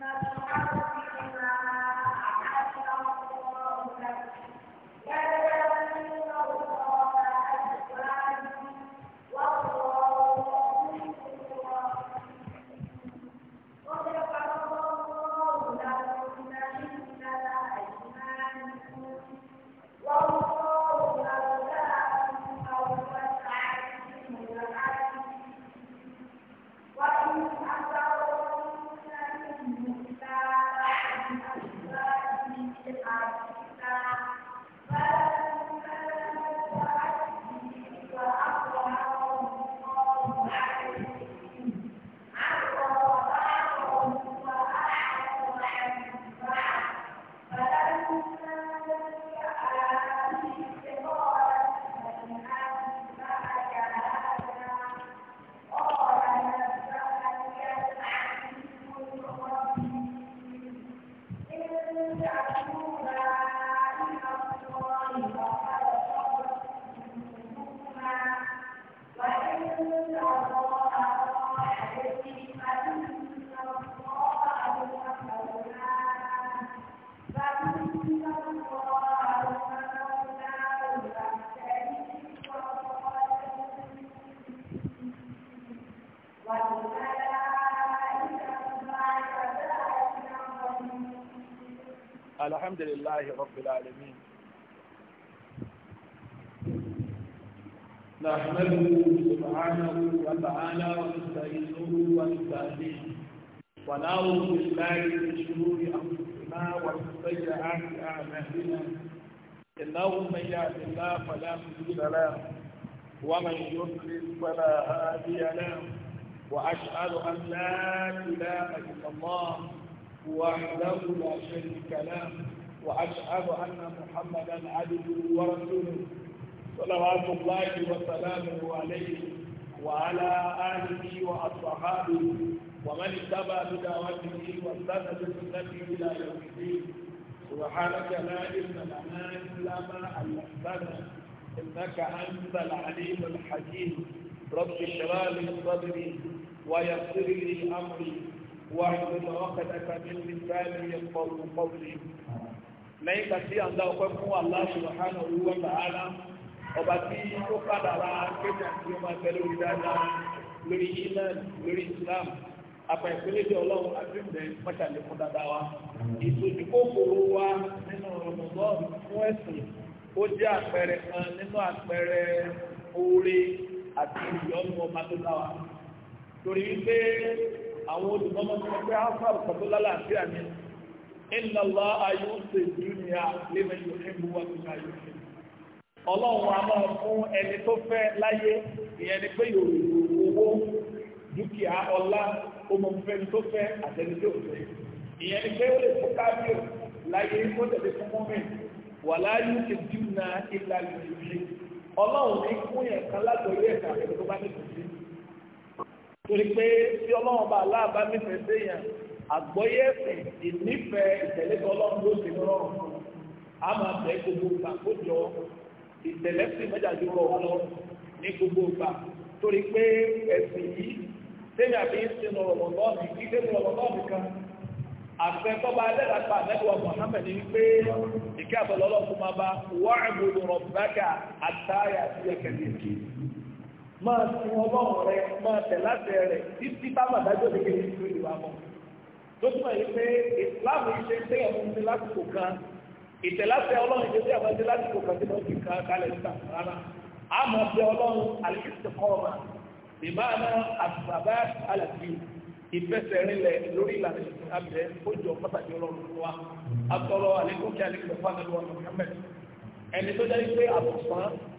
Gracias. الحمد لله رب العالمين نحمده سبحانه وتعالى ونستعينه ونستهديه ونعوذ بالله من شرور انفسنا ومن سيئات اعمالنا انه من يهد الله فلا مضل له ومن يضلل فلا هادي له واشهد ان لا اله الا الله وحده لا شريك له وأشهد أن محمدا عبده ورسوله صلوات الله وسلامه عليه وعلى آله وأصحابه ومن اتبع بدعوته واستنى بسنته إلى يوم الدين سبحانك لا علم لنا إلا ما علمتنا إنك أنت العليم الحكيم رب اشرح لي صدري ويسر لي أمري واحلل عقدة من لساني يفقهوا قولي lẹ́yìn ìgbà tí àǹdá ọpẹ́ fún Allah subhanahu wa ta'ala ọba tí ó kádàrá kéde àti ọmọ ẹgbẹ́ lórí dáadáa lórí iman lórí islam apẹ̀pẹ́lẹ́ bí ọlọ́run àdúgbò mọ́tàlẹ́ fún dáadáa wa ìtòjú kòkòrò wa nínú Ramadan fún ẹ̀sìn ó jẹ́ àpẹẹrẹ kan nínú àpẹẹrẹ oore àti ìyọ́nù ọba dáwà torí wípé àwọn olùmọ́mọ́ sọ pé áfàr pẹ̀lú lálàáfíà ni inna Allaha yu'ti dunya liman yuhibbu wa liman la yuhibbu ọlọ́run a máa fún ẹni tó fẹ́ láyé ìyẹn ni pé yòó owó dúkìá ọlá ọmọ fẹ́ni tó fẹ́ àtẹni tó fẹ́ ìyẹn ni pé ó lè fún kábíyò láyé ó tẹ̀lé fún mọ́mí wà láyé ti dùn náà ọlọ́run ní fún yẹn kan látọ̀rí ẹ̀ka torí pé tí ọlọ́run bá aláàbá nífẹ̀ẹ́ séèyàn àgbọ́yé ẹ̀sìn ìnífẹ̀ẹ́ ìtẹ̀lé tọ́lọ́run ló ti rọrùn a máa bẹ̀ gbogbo ìgbà kó jọ ìtẹ̀lé sí mẹ́jàdé rọ̀ wá lọ ní gbogbo ìgbà torí pé ẹ̀sìn yìí séèyàn bí sínú rọ̀mọ̀lọ́ọ̀nì kí sínú rọ̀mọ̀lọ́ọ̀nì kan àfẹ tọ́ba alẹ́dàgbà nẹ́gbà Muhammad ní pé ìkẹ́ àbọ̀lọ́lọ́ fún ma bá wàá máa sin ọlọ́run rẹ máa tẹ̀ láti rẹ̀ títí táwọn àdájọ́ ti kéde ìlú ìlú wa mọ́. lójúmọ̀ yìí pé islam ṣe ń tẹ̀yẹ̀ fún mi lásìkò kan ìtẹ̀láṣẹ ọlọ́run ṣe ń tẹ̀yẹ̀ fún mi lásìkò kan tí wọ́n ti ka kalẹ̀ níta rárá. a máa bẹ ọlọ́run al-istiqama bima'na as-sabat ala din ìfẹsẹ̀rinlẹ̀ lórí ìlànà abẹ ojú pàtàkì ọlọ́run wa atọ́rọ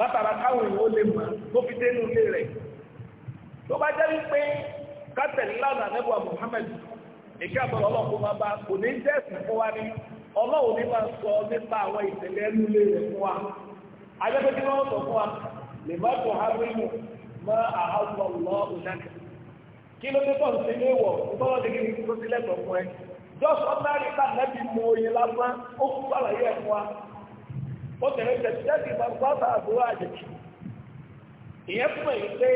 látara káwọn èèyàn ó lè mọ̀ tó fi dénú ilé rẹ̀ tó bá jẹ́ wípé kátẹ̀lì lánàá nẹ́bùwà Muhammad èké àbọ̀rọ̀ ọlọ́ọ̀kú máa bá kò ní jẹ́ ẹ̀sìn fún wa ní ọlọ́run ní máa sọ nípa àwọn ìṣẹ̀lẹ̀ ẹnu ilé rẹ̀ fún wa ajẹ́pẹ́ tí sọ fún wa lè má tó ha mọ́ kí ló dé sí léwọ̀ tó obìnrin tẹ̀síjẹ́sì gbọ́ta àbúrò àjèjì ìyẹn fún èyí pé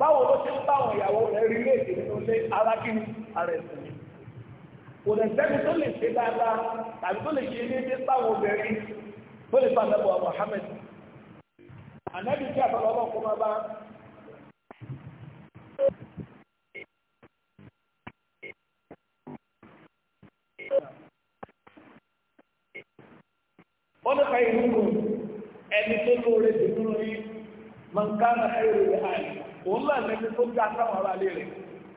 báwo ló ṣe ń báwọn ìyàwó rẹ̀ rí léèdè nínú ilé arákìnrin ara ẹ̀sìn ni kò lè sẹ́ni tó lè ṣe dáadáa tàbí tó lè ṣe déédéé báwọn obìnrin tó lè fa àbẹ̀wò wọ́n ní kàyé nínú ẹni tó lóore jù nínú mọ̀nkánà kàyé rẹ̀ àlè òun náà lẹ́ni tó dá sáwọn ará lé rẹ̀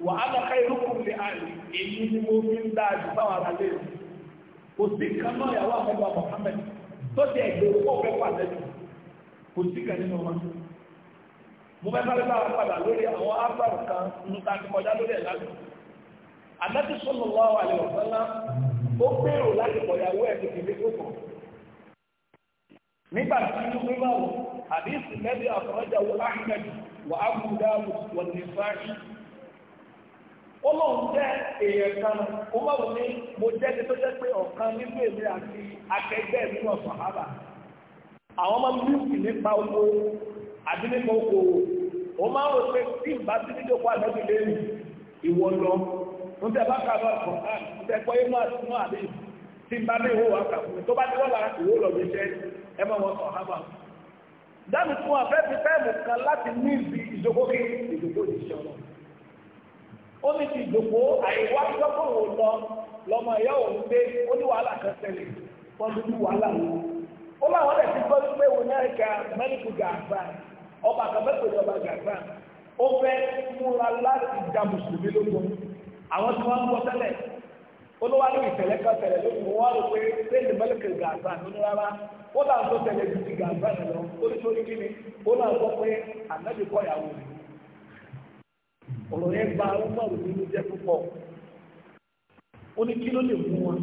wà á lọ kàyé rúkùn lè àlè èyí ni mo fi ń dáa jù sáwọn ará lé rẹ̀ kò sí kan náà yàwó àmẹ́gbà Mohammed tó ti ẹ̀gbẹ́ kò sí kan nínú wọn. mo fẹ́ sáré bá wa padà lórí àwọn kan nígbà tí inú mímọ́ wò àdísì lẹ́bí àfọ́jà ahmed wà ábùdáwò wà nìfàáṣì ó lóun jẹ́ èèyàn kan ó má wò ní mo tó jẹ́ pé ọ̀kan nínú èmi ọmọ nípa okòwò ó máa ń ti ní ìjókòó lẹ́yìn ìwọ lọ ń tẹ bá ń tẹ pọ́ àti àdéhùn tí n bá ní ìwọ wà kà fún ẹ máa wọ sọ̀hábà dáàbì tí wọ́n fẹ́ fi fẹ́ẹ̀mù kan láti ní ibi ìdókòkè ìdókò ìṣẹ́ wọn ó ní ti ìdókò àìwá ìjọ́kòrò lọ lọmọ ẹ̀yà òun pé ó ní wàhálà kan ṣẹlẹ̀ wọ́n ló ní wàhálà wọn ó láwọn ẹ̀ ti gbọ́ pé wọn náà ka mẹ́rìkù gàgbà ọba àkàbẹ́pẹ̀ ní ọba gàgbà ó fẹ́ múra láti dá mùsùlùmí lóko àwọn tí wọ́n ń gbọ́ tẹ́lẹ̀ olówárí ìtẹ̀lẹ́ kan tẹ̀lẹ́ lórí mo wá rò pé sẹ́yìn mẹ́lẹ̀kẹ̀ gàdá nínú rárá ó là tó tẹ̀lẹ́ ju ti gàdá rẹ̀ lọ oríṣiríṣi kí ni ó pé ànábì kọ́ ìyàwó ọ̀rọ̀ yẹn gba nínú jẹ́ púpọ̀ ó ní kí ló lè wọn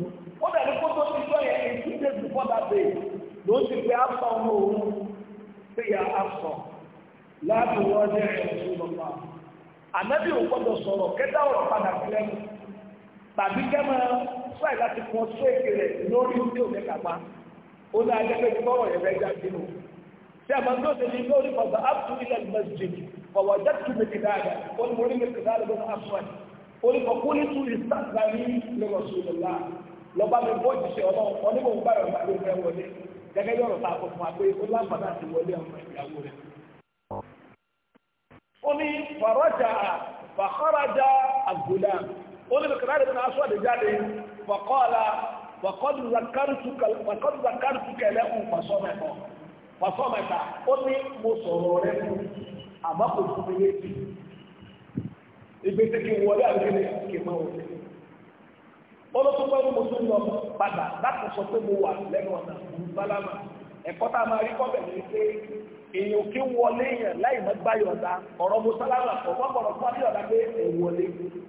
ó dàbí kó tó ti yẹn ló ti pé ọmọ òun ya àpọ̀ láti wọ́n jẹ́ ẹ̀rọ ìṣúná ànábì ò tàbí kẹ́mọ́ fúláì láti fún ọtún èké rẹ̀ lórí ní òní kápá ó ní adẹ́gbẹ́ tí bọ́rọ̀ yẹn fẹ́ já sínú. ṣé àmọ́ tó ṣe ní ilé orí kọ̀ọ̀bà ápùtù ilẹ̀ mẹ́sìlẹ̀ kọ̀wọ̀ jẹ́ tù mí kìdáàdà ó ní orí mi kìdáàdà lọ́nà àfọ̀n ó ní kọ̀kú ní tù ìsàkà ní lọ́rọ̀ṣùlọ́lá lọ́ba mi bọ́ ìṣiṣẹ́ ọlọ́run onímọ̀ ń bá ìrọ̀lá ló fẹ́ wọlé gẹ́gẹ́ bí ọ̀rọ̀ ta kò fún wa pé ó láǹfààní àti wọlé ọmọ ìyàwó rẹ̀. ó ní fàrọ́jà olùdó kìláàdì náà aṣọ àdéjáde wàkọ́ọ̀lá wàkọ́ọ̀dù zakartu kẹlẹ́ ń fasọ́ mẹ́ta ó ní mo sọ̀rọ̀ rẹ fún àmọ́ kò fún mi létí ìgbésẹ̀ kí n wọlé àgbélé kì í máa wọlé olùkọ́ ní mo tún lọ padà láti sọ pé mo wà lẹ́nu ọ̀nà ìbálàmà ẹ̀kọ́ tá a máa rí kọ́bẹ̀ ní pé èèyàn kí wọlé yẹn láì mọ́ gbáyọ̀dá ọ̀rọ̀ mọ́sálámà ọ̀pọ̀ ọ̀rọ̀ fún adéyọ̀dá pé ẹ̀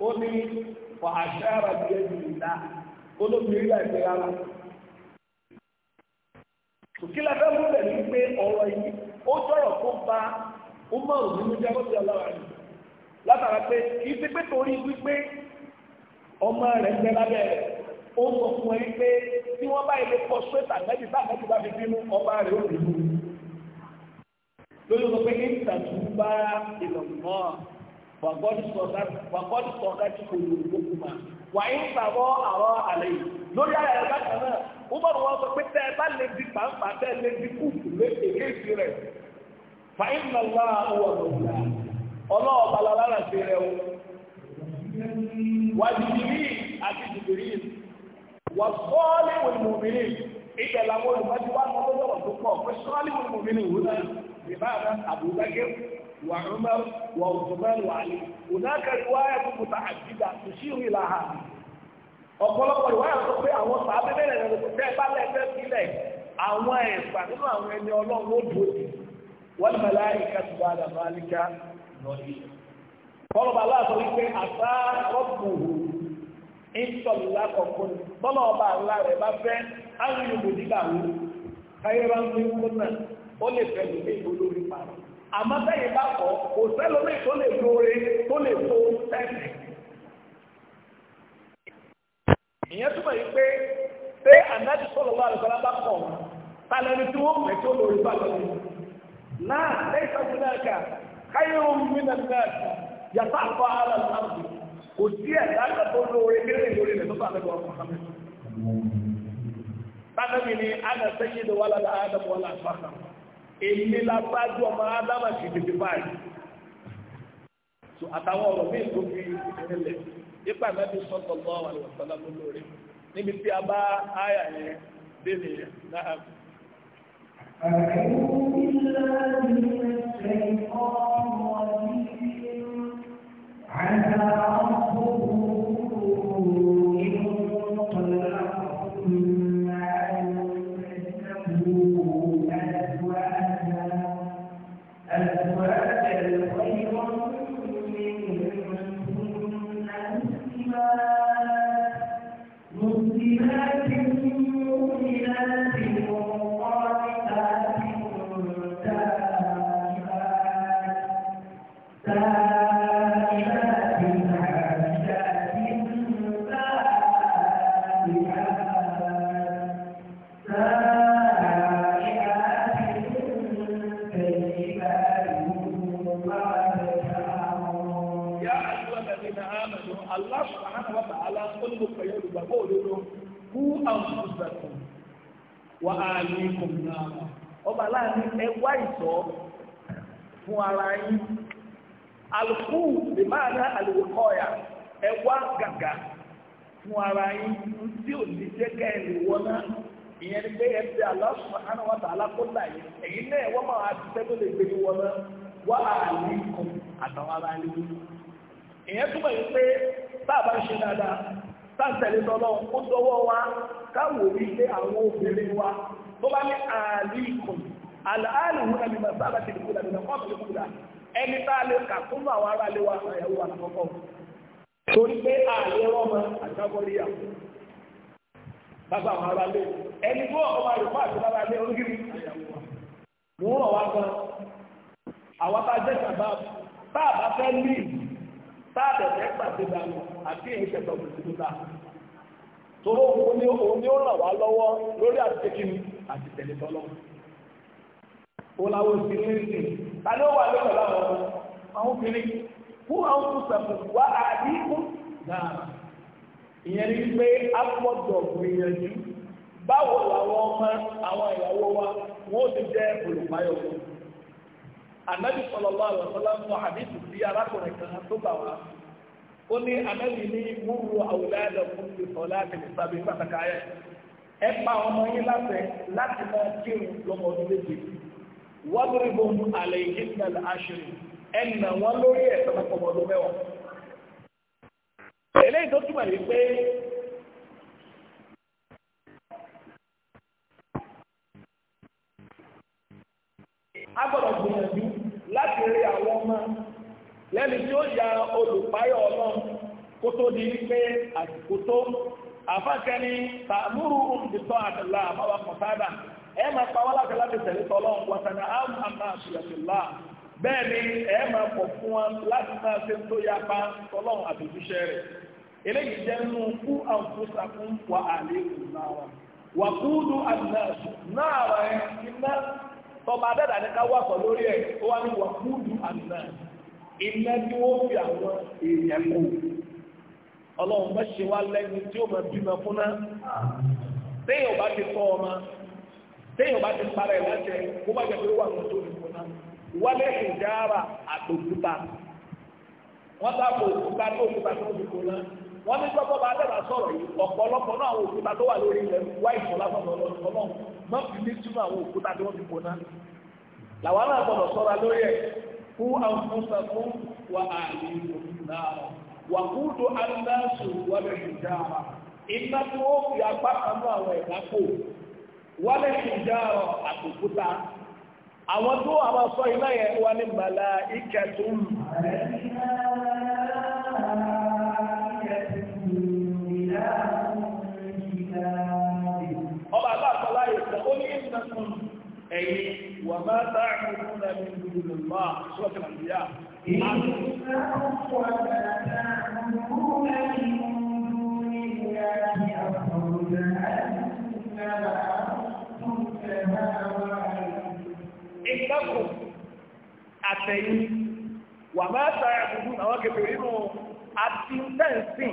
ó ní wà á ṣáàrà bí ẹni ìta olóbìnrin àti rárá. Òkìlá fẹ́ mú bẹ̀rẹ̀ ní pé ọ̀rọ̀ yìí ó jọ̀rọ̀ kó ba Umar nínú jábọ́ sí ọlọ́run rẹ̀. Látara pé kì í ṣe pé torí wípé ọmọ rẹ̀ ń bẹ lábẹ́ rẹ̀. Ó sọ fún ẹ pé tí wọ́n bá ilé kọ sóẹ́tà mẹ́bí bá mẹ́bí bá fi bínú ọba rẹ̀ ó bínú. Lórí sọ pé ní ìtàkùn bá ìlọ̀nà fàgọ́dì sọ̀ká tí kò lò ó kù mà wà ń sàbọ̀ àrọ́ àlẹ́ yìí lórí ara ẹ̀rọ bákan náà ó bọ̀ wọ́n sọ pé tẹ́ ẹ bá lè di pàǹpà tẹ́ ẹ lè di kùkù lé èké rẹ̀ fàyín nàlá wọ̀ lọ́wọ́ ọlọ́wọ́ balala la ṣe rẹ̀ o wà jìbìrì àti jìbìrì wà sọ́ọ́lì wòlùmọ̀mìnì ìgbà làwọn olùmọ̀jú wà lọ́wọ́ tó pọ̀ pé sọ́ọ́lì wòlùmọ̀mìnì wò náà ìbára àbúgbàgẹ́ وعمر وعثمان وعلي هناك رواية متعددة تشير إلى هذا ọ̀pọ̀lọpọ̀ ìwà yàtọ̀ pé àwọn sàábẹ́ bẹ̀rẹ̀ rẹ̀ kò tẹ́ bá lẹ́sẹ̀ sílẹ̀ àwọn ẹ̀fà nínú àwọn ẹni ọlọ́run ó dúró sí wọ́n ní bàlá ìka tó bá dàbọ̀ àlíkà lọ́dí. bọ́lá bàlá wípé àṣà ọ̀pọ̀hù àmọ́ bẹ́yìn bá kọ́ kò sẹ́lómi tó lè lóore tó lè tó tẹ́sì. ìyẹn túmọ̀ yìí pé pé ànájú sọ̀rọ̀ wà lọ́sọ̀rọ̀ bá kọ̀ tàlẹ́ni tí wọ́n mẹ̀ tó lórí bá lọ́ni. náà lẹ́yìn sáfù náà kà káyọ̀ mi nà náà yàtọ̀ àkọ́ ara nàbì kò sí ẹ̀dá àgbàdo lóore kí lè lóore lẹ́tọ́ tàbí wọ́n kọ́ sáfù. tàlẹ́ni ni àná sẹ́yìn lọ́wọ́ èmi la bá ju ọmọ adama sí tètè báyìí so àtàwọn ọ̀rọ̀ mi tó fi ìrẹ̀lẹ̀ ipa mẹbi sọtọ lọ lórí níbi tí a bá àyà yẹn dé náà. àmàlù aláṣọ àhánàwà tààlà ó ní gbogbo ẹ̀yọ́ olùgbàgbọ́ òdodo kú ọba láàrin ẹwà ìtọ́ fún ara yín lè máa ná ẹwà gàgà fún ara yín tí ò ní ká ẹ lè ìyẹn ni pé ẹ ti aláṣọ náà máa ti lè gbé ìyẹn túmọ̀ yìí pé sáàbà ń ṣe dáadáa sáàtẹ̀lé tọ́lọ́ ó dọwọ́ wa káwò rí wa tó ni ti dìkúdà nínú kúdà ẹni tá a lè kà fún àwọn ará wa wa lọ́kọ̀ torí pé bàbá àwọn ẹni tó àti bàbá wa gan àwọn bá jẹ́ fẹ́ táàbẹ̀ fẹ́ gbàgbé dànù àti ìṣẹ̀ tó kù síbi ta. Tòró òun ni òun ni ó ràn wá lọ́wọ́ lórí àtẹ̀kíni àti tẹ̀lé tọ́lọ́. Òlàwọ̀ sì ní ìsìn, ta ni ó wà lórí ọ̀la wọn? Àwọn obìnrin kú àwọn kú sẹ̀kù wá àdínkù náà. Ìyẹn ni pé a gbọ́dọ̀ gbìyànjú. Báwo làwọn ọmọ àwọn ìyàwó wa wọ́n ti jẹ́ olùpáyọ̀ fún un? anabi sọlọlọ àlọsọlá mú àdìsí sí arákùnrin kan tó bà wá ó ní anabi ní múru àwùlá ẹlẹ fún ti sọlá àtẹlẹ sábẹ pàtàkì ayẹ ẹ pa ọmọ yín láti láti máa kírun lọmọdún méje wọ́dúrì bò ń àlẹ́ àṣírí ẹ nà lórí ẹ̀ sọ́dọ̀ ọmọdún mẹ́wàá eléyìí tó túmọ̀ yìí pé a gbìyànjú láti rí àwọn ọmọ lẹ́ni tí ó ya olùpáyọ̀ ọlọ́run kó tó di wípé àsìkò tó àfáàkẹ́ni tààmúrú òǹdìtọ́ àtìlá àbáwá ẹ máa pa láti láti tẹ̀lé tọ́lọ́run wọ̀tánà àmà àṣìyàtìlá bẹ́ẹ̀ ni ẹ máa pọ̀ fún láti máa ṣe tó ya pa tọ́lọ́run rẹ̀ eléyìí jẹ́ nínú kú wà náà wà náà tọba adẹ́dà ní ká wà sọ lórí ẹ̀ ó wá ní wàkúùdù àmìnà iná tí wọ́n fi àwọn èèyàn kù ọlọ́run bá ṣe wá lẹ́nu tí ó máa bímọ fún náà téèyàn bá ti tọ́ ọmọ téèyàn bá ti para ẹ̀ láṣẹ kó bá jẹ pé wà lọ sórí fún wálé ìjára àtòkúta wọ́n sábà òkúta tó òkúta tó òkúta náà wọ́n ní gbọ́dọ̀ bá dẹ́gbà sọ̀rọ̀ yìí ọ̀pọ̀lọpọ̀ náà àwọn òkúta tó wà lórí ilẹ̀ wá ìfọ̀lá fọ̀mọ̀ ọlọ́run má fi ní túnú àwọn òkúta tí wọ́n ti gbóná. làwọn náà gbọ́dọ̀ sọ̀rọ̀ lórí ẹ̀ fún àwùjọ fún wa àlè náà wà kúndò aláṣù wàlẹ̀ ìjára iná ẹ̀yìn wà bá táàkì fún ẹ̀mí gbogbo lọ́wọ́ sọ́ọ̀tì nàìjíríà. Ìgbàkùn àtẹ̀yìn wà bá táàkì fún àwọn kẹfẹ̀ẹ́ nínú àti tẹ́ǹsìn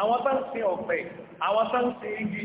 àwọn tẹ́ǹsìn ọ̀pẹ̀ àwọn tẹ́ǹsìn igi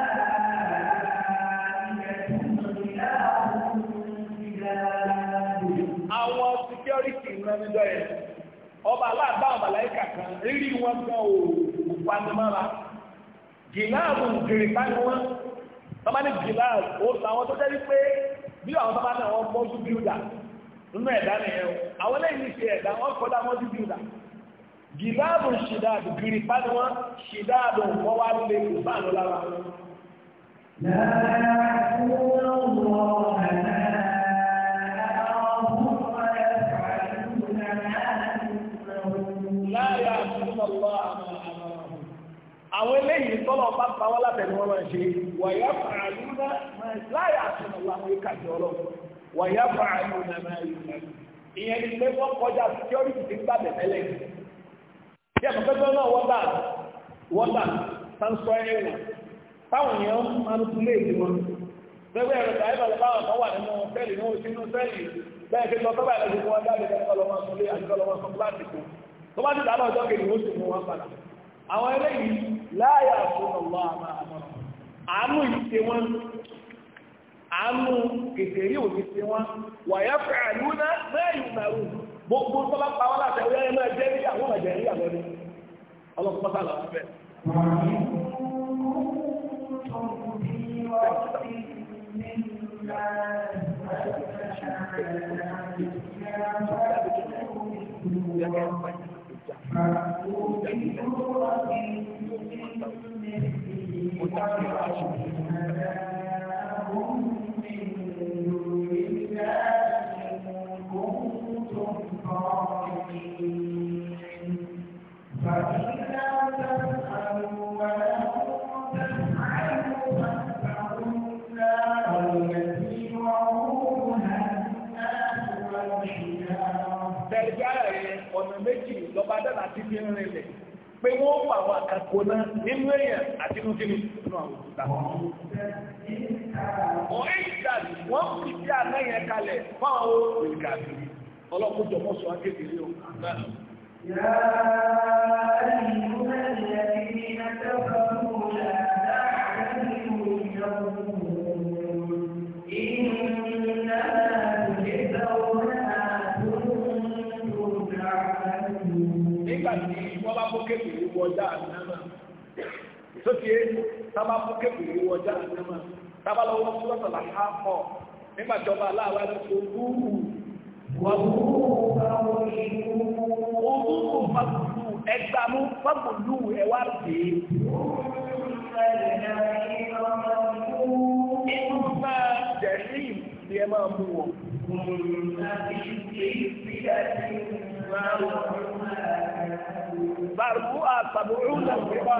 iná níjọ́ yẹn ọba aláàbá kan rírí wọn gan o panimára gíláàbù gèrè báyìí wọn tọ́ba ní gíláàbù ó sọ àwọn tó bí àwọn náà bọ́ sí bíúdà nínú ẹ̀dá nìyẹn o àwọn lẹ́yìn ìṣe ẹ̀dá wọ́n kọ́ dá sí bíúdà gíláàbù ṣìdáàbù wọn ṣìdáàbù wá àwọn eléyìí tọ́lọ̀ bá bá wọn látẹ̀lé wọn máa ṣe wàyà fàáyù náà láyà àtúnú làwọn ìkàjọ ọlọ́run wàyà fàáyù náà máa yù náà ìyẹn ni pé wọ́n kọjá security ti gbà bẹ̀tẹ́lẹ̀ bí àpapẹ́tọ́ náà wọ́n bá wọ́n bá sáńsọ ẹ̀wọ̀n táwọn èèyàn máa ń tún léèdè wọn gbẹgbẹ ẹ̀rọ tàbí bàbá báwọn kan wà nínú sẹ́ẹ̀lì náà sínú sẹ́ẹ̀lì bẹ́ẹ̀ ṣe lọ tọ́ba ìlú wọn jáde lọ́kọ̀ọ́lọ́mọ́sọ́lé àti lọ́kọ̀ọ́lọ́mọ́sọ́ láyà fún ọlọ́ àmà àánú ìṣe òní wọn wàyà fẹ́ àlúná mẹ́rin ìgbàrún gbogbo wọn láti ẹ̀wẹ́ ẹ̀mọ́ ẹ̀jẹ̀ rí àwọn ọ̀jẹ̀ rí àwọn ẹni Thank you. ọ̀nà méjì lọ́ba dára ti fi ń rinlẹ̀ pé wọ́n pa àwọn àkàkò náà nínú èèyàn àti inú kí ni inú àwọn òkúta. ọ̀hẹ́ ìdàdì wọ́n fi sí àná yẹn kalẹ̀ fáwọn olùkàbí ọlọ́kùnjọ mọ́sọ̀ akékeré o. Yàrá ìlú náà yẹ kí ní ẹgbẹ́ wọjá àmìnámà sókè tábà fún kékeré wọjá àmìnámà tábà lọ́wọ́ fún lọ́sọ̀lá hápọ̀ nígbàjọba aláàlá ló ṣe wúwú wọ́n fagbolú ẹgbàmú fagbolú ẹwà dé inú náà jẹ̀rí ni ẹ máa mú wọn. Bàrúwà sàbúrú lẹ́gbẹ̀wà.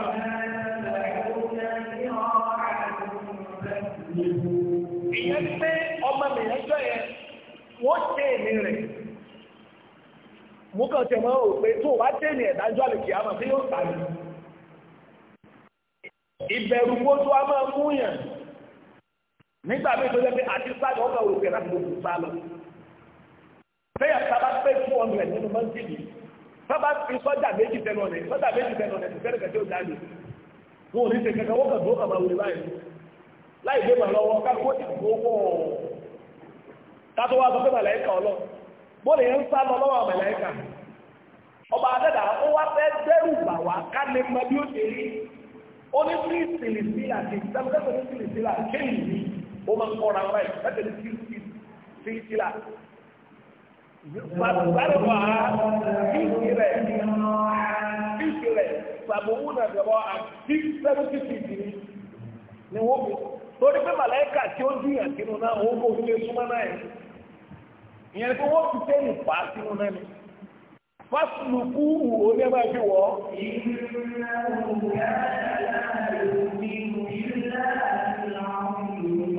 Ìyẹn pé ọmọ mi ẹjọ́ yẹn, wọ́n ṣe èmi rẹ̀. Mú kàn tẹ̀ mọ́ ò pé tó wá tẹ̀ ní ẹ̀dájọ́ àlèkè àmọ́ tí yóò tàbí. Ìbẹ̀rù kó tó a máa mú yàn. Nígbà tó jẹ́ àti sáàdì ọkọ̀ òrùkẹ́ láti gbogbo bẹ́ẹ̀ sábà pé two hundred nínú mọ́tì yìí sábà fi sọ́jà méjì tẹnu ọ̀nà sọ́jà méjì tẹnu ọ̀nà ìfẹ́rẹ́ kẹ̀kẹ́ ò dáàlì wọn ò ní ṣe kẹ̀kẹ́ wọ́n kàn tó kàmá wuli báyìí láì dé màá lọ́wọ́ káko ó ti kó wọ́ kátó wá sọ pé màláìka ọlọ́ bóòlù yẹn ń sá lọ lọ́wọ́ màláìka ọba adẹ́dà ó wá fẹ́ dẹ́rù bà wá ká lè mọ bí ó ṣe rí ó ní sí ìsìlìsílà kì í sábẹ́ Fàtàlùwà fíìsì rẹ̀ fíìsì rẹ̀ sàbòwú náà gbẹ̀bọ̀ àti sẹ́fúntì fíìsì ni ni wọ́n fi. Torí pé màláìkà tí ó dìyàn sínú náà wọ́n kò fi lè súnmọ́ náà yẹn. Ìyẹn pé wọ́n fi sẹ́yìn fà á sínú náà ni. Fásilùkú wù ó ní ẹgbẹ́ fi wọ̀ ọ́.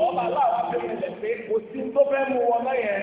Ọba aláwa fi ilẹ̀ pé kò sí tó fẹ́ mú wọn náà yẹn.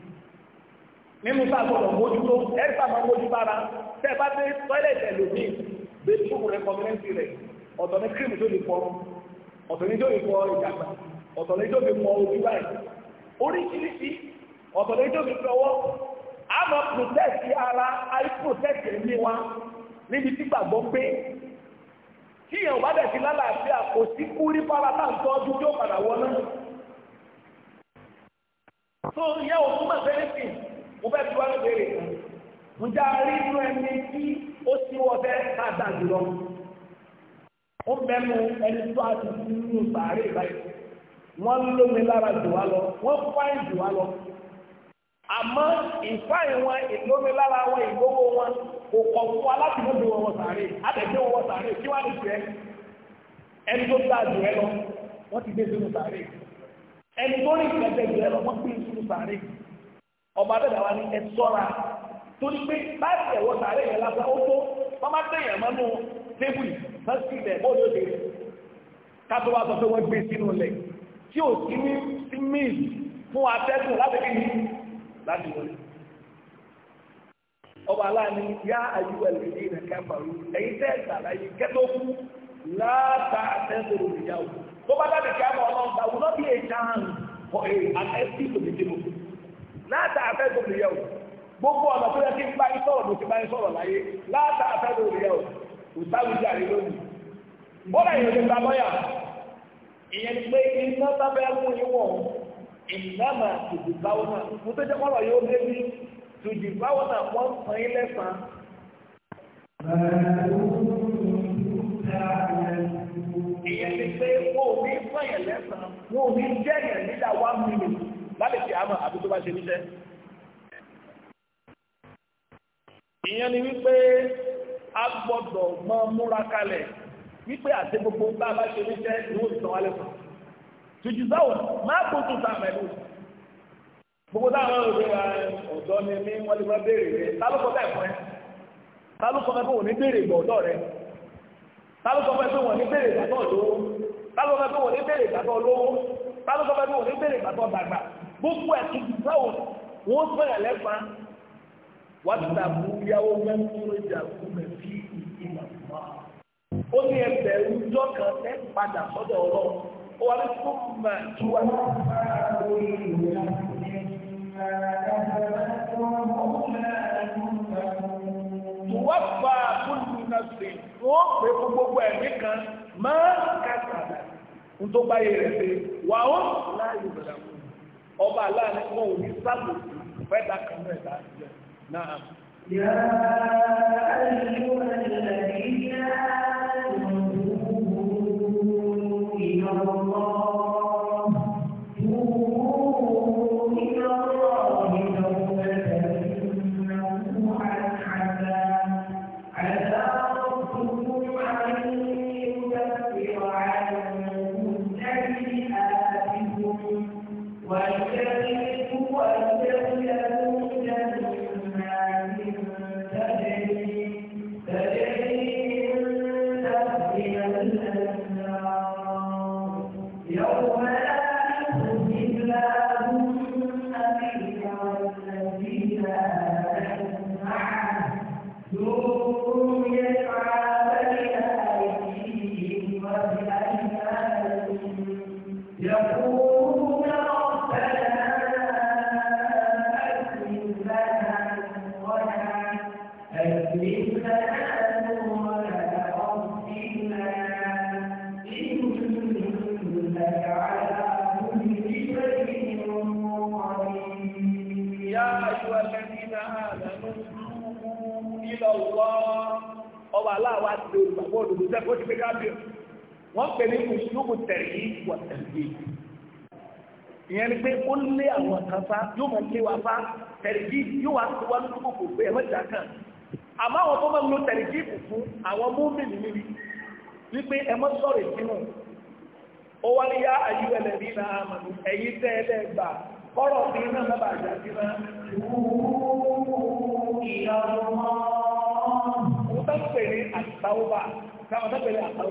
nínú tá a gbọ́dọ̀ mójútó ẹ̀ka máa mójú bára tẹ́ ẹ bá dé tọ́lẹ̀tì ẹlòmíì bẹ́ẹ̀ tó rẹ̀ kọ́mẹ́ntì rẹ̀ ọ̀dọ̀ ní kírìmù tó lè pọ̀ ọ̀dọ̀ ní tó lè pọ̀ ìjàgbá ọ̀dọ̀ ní tó lè pọ̀ ojú báyìí oríṣiríṣi ọ̀dọ̀ ní tó lè pọ̀ ọwọ́ a máa protect ara àì protect ẹ̀mí wa níbi tí gbàgbọ́ pé tí èèyàn bá dẹ̀ sí lálàáfíà kò sí kúrí fárátà ń tọ́jú tí ó padà wọ náà. so ìyá òkú mọ̀ sẹ́yìn mo fẹ́ fi wá ní ìbéèrè kan mo já rí inú ẹni tí ó sì wọ fẹ́ ká dà jùlọ ó mẹ́nu ẹni tó a ti fi nínú sàárè báyìí wọ́n lómi lára jù wá lọ wọ́n fáìn jù wá lọ àmọ́ ìfáìn wọn ìlómi lára wọn ìgbówó wọn kò kọ̀ fún wa láti mọ́bi wọn wọ sàárè àtẹ̀jẹ́ wọn wọ sàárè kí wọ́n lè jẹ́ ẹni tó dáa jù ẹ lọ wọ́n ti gbé sínú sàárè ẹni tó rìn kẹjẹ jù ẹ lọ wọ́n gbé sínú sàárè ọba bẹ́ẹ̀ dàwa ní ẹ sọ́ra torí pé láti ẹ̀wọ́ sàárẹ̀ yẹn lásán ó tó wọ́n máa tẹ̀yàn mọ́nú tébù lọ́sí ilẹ̀ bọ́ọ̀lù òde rẹ̀ ká tó wá sọ pé wọ́n gbé sínú ilẹ̀ tí ò sí ní sí míìl fún atẹ́gùn láti fi ní láti wọlé. ọba aláàánú yá àyùwẹ̀ lèyí rẹ̀ kẹfàrú ẹ̀yin tẹ́ ìgbàláyé kẹ́tọ́ kú láta àtẹ́sọ̀rọ̀ ìyàwó tó bá dábì kí á mọ̀ ọ́n láta àfẹ́dùn lè yẹ o gbogbo ọ̀nà tó yẹ kí n bá yín sọ̀rọ̀ mo ti bá yín sọ̀rọ̀ láyé láta àfẹ́dùn lè yẹ o kò sáwùú jàre lónìí. bọ́lá ìyẹn ti gba lọ́yà ìyẹn ti pé iná sábẹ́ mú ìwọ̀n ìnáma tùdùbáwọ́ náà mo tó jẹ́ kọ́rọ̀ yóò dé bí tùdùbáwọ́ náà wọ́n san yín lẹ́sàn-án. ìyẹn ti pé wọn ò ní sàn lẹ́sàn lálẹ́ kí a mọ̀ àbí tó bá ṣe níṣẹ́. ìyẹn ni wípé a gbọ́dọ̀ mọ múra kalẹ̀ wípé àti gbogbo tá a bá ṣe níṣẹ́ ni ó sàn wálé fún un. tùjú sáwọn máa kó tó sàmì ẹ̀lú. gbogbo táwọn ọ̀rọ̀ wa ọ̀dọ́ ni mí wọ́n lè má béèrè rẹ̀ tálùkọ́ bẹ́ẹ̀ fún ẹ tálùkọ́ bẹ́ẹ̀ fún òní béèrè ìgbà ọ̀dọ́ rẹ̀ tálùkọ́ bẹ́ẹ̀ fún òní béèrè ìgbà tálùkọ́ bẹ́ẹ̀ fún òní béèrè ìgbà tálùkọ́ bẹ́ẹ̀ fún òní béèrè ìgbà dàgbà gbogbo ẹ̀sùn ìgbà wo wọ́n sọ̀yà lẹ́fà wàtà búyáwó mẹ́túró ìjà kú mẹ́fì ìgbà mọ́. ó ní ẹgbẹ́ ìjọ kan ẹ padà sọ́dọ̀ ọlọ́run ó wà ní fún mà tí wà ní. tùwọ́pà kúlù nàṣẹ wọ́n pè fún gbogbo ẹ̀mí kan máa ń kàtàkì nítorí báyìí rẹ̀ pé wà ó láàyè bẹ̀rẹ̀ ọba aláàánú wọn ò ní sábò fẹ́ta kan náà ẹ̀dá jẹ náà. yàrá ẹ̀yìn wọn lè ní wọ́n pè ní ìṣúlùkù tẹ̀lé wà tẹ̀lé ìyẹn ni pé ó lé àwọn kan fa yóò máa lé wa fa tẹ̀lé yóò wá sí wa lójú kò pé ẹ̀ mẹ́ta kan àmọ́ àwọn tó máa ń lo tẹ̀lé fún àwọn mọ́mìnì níbi wípé ẹ mọ́ sọ̀rọ̀ ìdínà ó wá ní yá àyíwẹ̀ lẹ́bí na àmàlù ẹ̀yìn tẹ́ ẹlẹ́gbà kọ́rọ̀ sí iná mẹ́bà àjàdí náà ìyàwó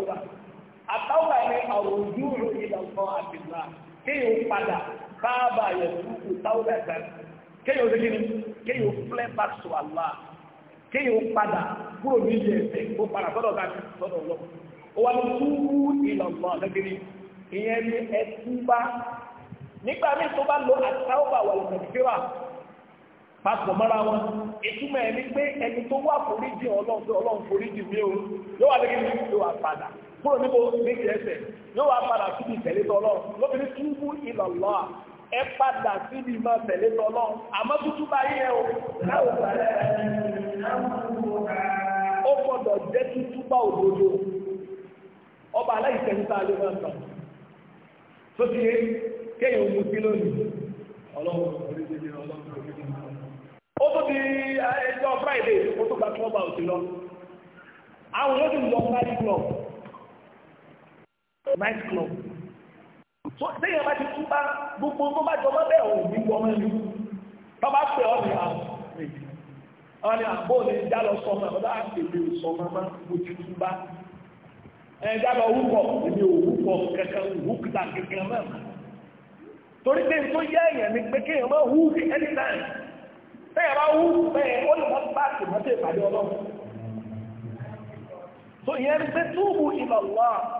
mọ́ àtàwọn ẹni àwòjú ìròyìn ìdàgbọ́ àtìgbà kéèyàn padà káàbà yẹ̀dúkú táwọn ẹ̀fẹ́ kéèyàn ṣe kíni kéèyàn flẹ́ back to Allah kéèyàn padà kúrò ní ilé ẹ̀fẹ́ kó padà sọ́dọ̀ ká sọ́dọ̀ lọ. ó wà ní túwú ìlọ̀gbọ́ lẹ́gbẹ̀rẹ́ ìyẹn ní ẹtúbá nígbà míì tó bá lo àtàwọn àwọn ìgbàgbọ́ papọ̀ mọ́ra wọn ìtumọ̀ ẹ̀ ní pé ẹni tó wà foríjì ọlọ́run kúrò níbo méjì ẹsẹ̀ yóò wá padà síbi ìtẹ̀lé tọ́lọ́ lóbìnrin túbú ìlọ̀lọ́ ẹ padà síbi máa tẹ̀lé tọ́lọ́ àmọ́ tútú bá yẹ o ó gbọ́dọ̀ jẹ́ tútú bá òdodo ọba aláìsẹ̀ńtà ló máa tàn tó ti yé kéèyàn mú sí lónìí ọlọ́run orílẹ̀-èdè ọlọ́run orílẹ̀-èdè ó tó di ẹjọ́ Friday ó tó gba twelve hours lọ àwọn yóò ti lọ kárí club night club so téèyàn bá ti tún bá gbogbo tó bá jọmọ́ bẹ́ẹ̀ ò ní wọ́n mẹ́lú tó bá pè ọ́ ní àwọn àwọn ni àbò ní ìjà lọ sọmọ ẹ̀ bá èdè sọmọ máa mo ti tún bá ẹ̀ ìjà lọ wúkọ̀ èmi ò wúkọ̀ kankan wúkìtà kankan mẹ́rin torí pé tó yẹ èèyàn ni pé kéèyàn máa wú anytime téèyàn bá wú bẹ́ẹ̀ ó lè mọ́ bá tèmọ́tè ìpàdé ọlọ́run so ìyẹn ni pé túbù ìlọ̀lọ́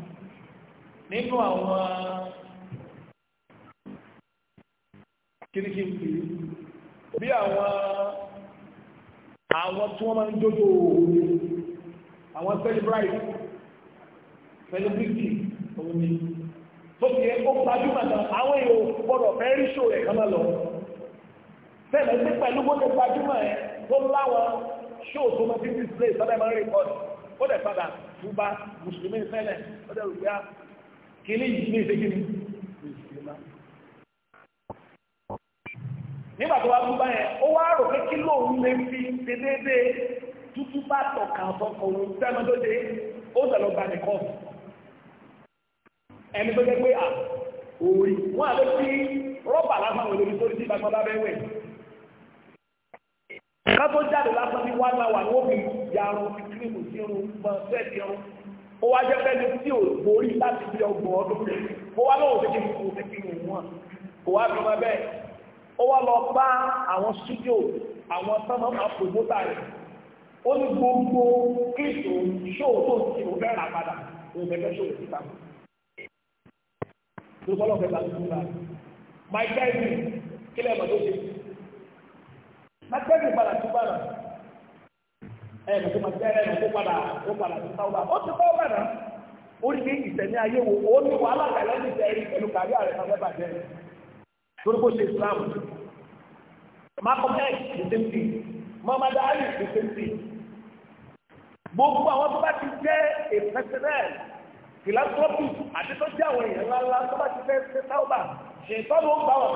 nínú àwọn kìrìkìrì bí àwọn àwọn tí wọ́n máa ń jójó àwọn celebrate celebrity òun ni tó ti yẹ kó gbajúmọ̀ náà àwọn èèyàn gbọ́dọ̀ fẹ́ rí ṣò rẹ̀ kan lọ sẹ́lẹ̀ sí pẹ̀lú bó ti gbajúmọ̀ ẹ̀ tó láwọn ṣó tó máa ti display sábẹ́ máa ń rí kọ́ọ̀tù ó dẹ̀ padà túbá mùsùlùmí sẹ́lẹ̀ ó dẹ̀ rò ah, kìíní yìí ní ìṣe kìíní ìṣèlá nígbà tó wá tún bá yẹn ó wá rò pé kí lóun lè fi ṣe déédéé tútú bá tọ̀ka ọ̀tọ̀kọ̀ òun sẹ́nu tó dé ó sọ̀rọ̀ gba nìkan ẹni tó jẹ́ pé à òòrì wọn àlọ́ sí rọ́bà lásán wò lórí sórí tí ìgbà kan bá bẹ́ wẹ̀ ká tó jáde lásán ní wàhálà wà ní òbí yarun kírìmù sírun gbọ̀n sẹ́ẹ̀tì ọ̀run ó wá jẹ́ pẹ́lú tí ò borí láti bí ọgbọ̀n ọdún ó wá lọ́wọ́ fẹ́kí mú fẹ́kí mú wọn kò wá bímọ bẹ́ẹ̀ ó wá lọ bá àwọn studio àwọn sọ́mọ́ àpòmọ́tà rẹ̀ ó ní gbogbo kíso ṣóò tó ti ò fẹ́ràn padà òun fẹ́fẹ́ ṣóò síta tó sọ́lọ́ fẹ́ láti fún láti Mike Tyson kílẹ̀ mọ̀ tó ṣe Mike Tyson padà tún bá ẹ kò máa tẹ́lẹ̀ ẹ̀ kó padà kó padà tó táwọn bá ó ti táwọn bá náà ó ní kí ìsẹ̀mí ayé wo ó ní wàhálà kàlẹ́ ní ìsẹ̀rí pẹ̀lú kàrí ààrẹ kan fẹ́ bàjẹ́ torí kó ṣe Islam Malcolm X the same thing Muhammad Ali the same thing gbogbo àwọn tó bá ti jẹ́ a president philanthropist àti tó jẹ́ àwọn èèyàn ńláńlá tó bá ti fẹ́ ṣe táwọn bá ṣe ìtọ́nù ó gbà wọ̀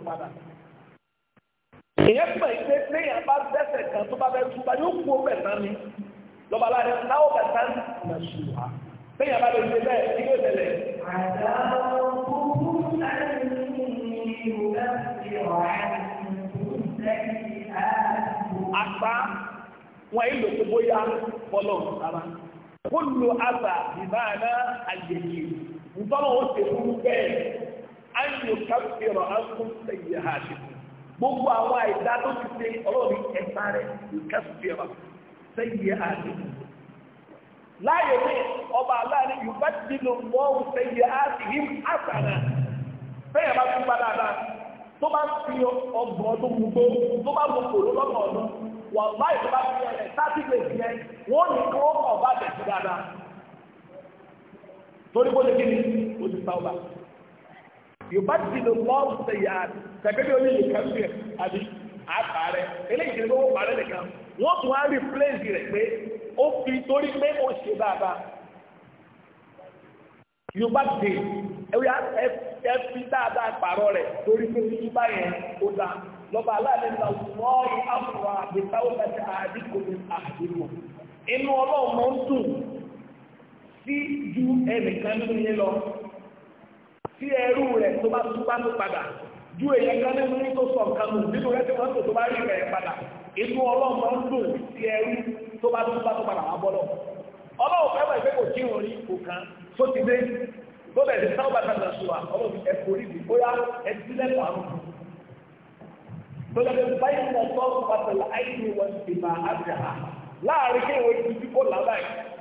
kan dé èyàn pè é pé léyìn abá dẹ́sẹ̀ kan tó bá bẹ́ẹ̀ túbà yóò kú ọbẹ̀ tán ni lọ́ba láti náwó bẹ̀ tán nà sí wa léyìn abá bẹ́ẹ̀ bẹ́ẹ̀ kí ló tẹ̀lé. Àgbà wọn yìí lò tó bóyá fọlọ́ sábà. Kúlù àgbà ìbáná àyèké. Ntọ́nà ó ṣe fún bẹ́ẹ̀. Ayò káfíìrọ̀ á kún sẹ́yìn àṣìkò. gbogbo àwọn àìdá tó ti ṣe ọlọ́ọ̀ni ẹ̀ta rẹ̀ ìkẹ́sùfẹ́ wa sẹ́yìn àti láàyè ní ọba aláàní yorùbá ti dín lóun sẹ́yìn àti him àtàrà fẹ́yìn bá tún padà dáa tó bá fi ọgbọ̀n ọdún gbogbo tó bá mú kòró lọ́gbọ̀n ọdún wà láì tó bá fi ẹ̀rẹ̀ sáàtì lè fi ẹ̀ wọ́n ní bẹ̀ yubadilu lọ́wọ́ sẹ̀yà tẹ̀gbẹ́bí omi nìkan sí ẹ̀ àbí àpàrẹ eléyìí tí wọ́n parẹ́ nìkan wọ́n tún á rí pléǹsì rẹ̀ pé ó fi torí pé ó ṣe dáadáa yubadilu ẹ̀wí ẹ fi dáadáa pààrọ̀ rẹ̀ torí pé yíyá yẹn ó dáa lọ́ba aláàbẹ̀ náà wọ́n rí àfúrà àbẹ̀táwọ́ láti àdínkù ní àdínkù inú ọlọ́run mọ́ ń dùn sí ju ẹnìkan nínú yẹn lọ tí ẹrú rẹ̀ tó bá tún bá tó padà ju èyí kan nínú ní tó sọ nǹkan nù nínú rẹ̀ tí wọ́n tó tó bá rí rẹ̀ padà inú ọlọ́run máa ń dùn tí ẹrú tó bá tún bá tó padà wá bọ́lọ̀ ọlọ́run fẹ́ bẹ̀rẹ̀ pé kò tí ò rí kò kan tó ti dé tó bẹ̀rẹ̀ sí sáwọn bàtà náà ṣùgbọ́n ọlọ́run ẹ kò rí ibi bóyá ẹ ti lẹ́kọ̀ọ́ àrùn tó lọ́dẹ báyìí lọ sọ́ọ́ pàtàkì àìsí wọn ti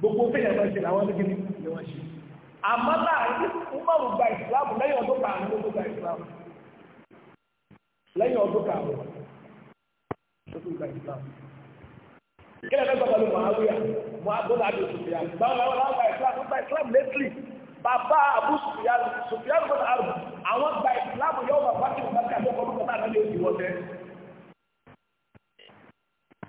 gbogbo fẹ́yà máa ṣe làwọn ẹgbẹ́ ni wọ́n ṣe àmọ́ láàrin umaru gba ìsìláàmù lẹ́yìn ọdún kan ló gba ìsìláàmù lẹ́yìn ọdún kan ló gba ìsìláàmù kílẹ̀ náà gbọ́dọ̀ ló mọ̀ àwíyà mọ̀ àbúrò àbí sùfìyà gbọ́dọ̀ wọn gba ìsìláàmù gba ìsìláàmù lẹ́tìlì bàbá àbú sùfìyà sùfìyà gbọ́dọ̀ àrùn àwọn gba ìsìláàmù yọ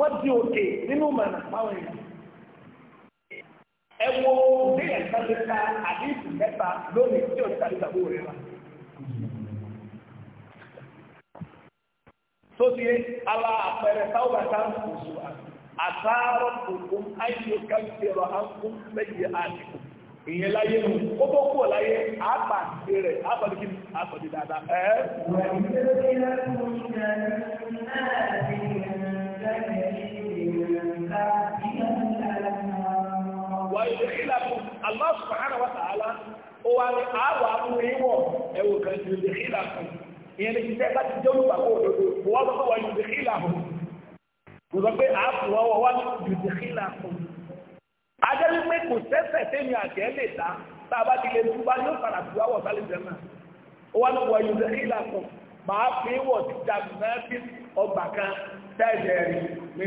wọ́n di òkè nínú mọ̀nà báwọn èèyàn. ẹ wo bẹ́ẹ̀ sáré ka àdéhùn mẹ́ta lónìí tí o ti sáré rẹ̀ wá. ala àpẹẹrẹ táwọn àti àwọn tuntun ayé méjì ìyẹn láyé mu ó kúrò láyé rẹ̀ Allah subhanahu wa ta'ala ó wá ní àwọ̀ àmú ìwọ̀ ẹ̀wọ̀ kan ju lè hílà fún ìyẹn lè ṣiṣẹ́ láti jẹ́ olùgbàgbọ́ òdodo kò wá lọ́wọ́ wa ju lè hílà fún kò sọ pé àáfù wọ́wọ́ wá ju lè hílà fún. ajẹ́ wípé kò sẹ́sẹ̀ tẹ́mi àjẹ́ lè ta tá a bá ti lè tú bá yóò padà tú àwọ̀ sálẹ̀ jẹ́mà ó wá lọ́wọ́ lè hílà fún màá fi wọ̀ ti dàgbà fi ọgbà kan tẹ́ẹ̀dẹ̀ẹ̀rì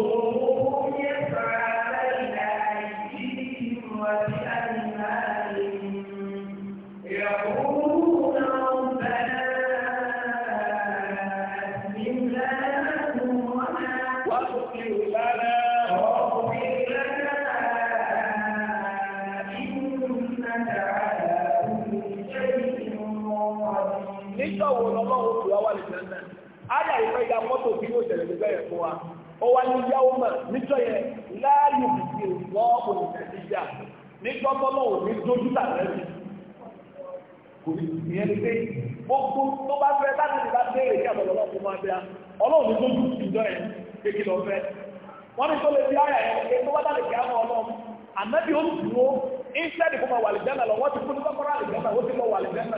nígbà wo lọ́lọ́run tó wá lè jẹ́ náà ayà ìfẹ́ mọ́tò bí yóò tẹ̀lé gbígbẹ́ ya fún wa ó wá ní yáwó mọ̀ níjọ́ yẹn láàyè bìbí lọ́ọ̀bù nàìjíríà níjọ́ tọ́lọ́wọ́ ní dojú tàbí kò ní ìyẹn ní pé gbogbo tó bá fẹ́ láti ní bá béèrè kí àbọ̀ lọ́wọ́ fún wa ọlọ́run ní dojú ìjọ yẹn kékeré wọ́n ní tó lè fi ayà tó bá dá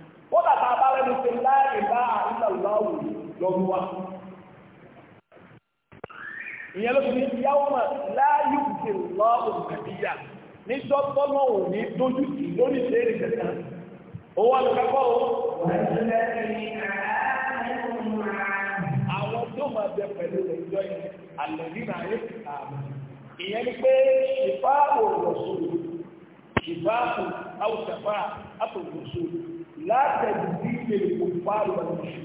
wọ́n bàtà abárẹ́ mi ṣe láàyè bá àríṣà lọ́wọ́ lọ́wọ́ wa. ìyẹn ló fi ní yàwó mọ̀ láàyè òkè lọ́wọ́ nàbíyà ní sọ́tọ́ náà ò ní dójú sí lórí ìbéèrè kẹta. owó àlùkẹ́kọ̀ọ́ o. àwọn tó máa bẹ pẹ̀lú ẹjọ́ yẹn àlẹ́ nínú ayé kìkà ìyẹn ni pé ṣìfà òrùlọ̀sọ̀rọ̀ ṣìfà àwùjọ̀fà látẹ̀lú bí ilé kò bá lọ sí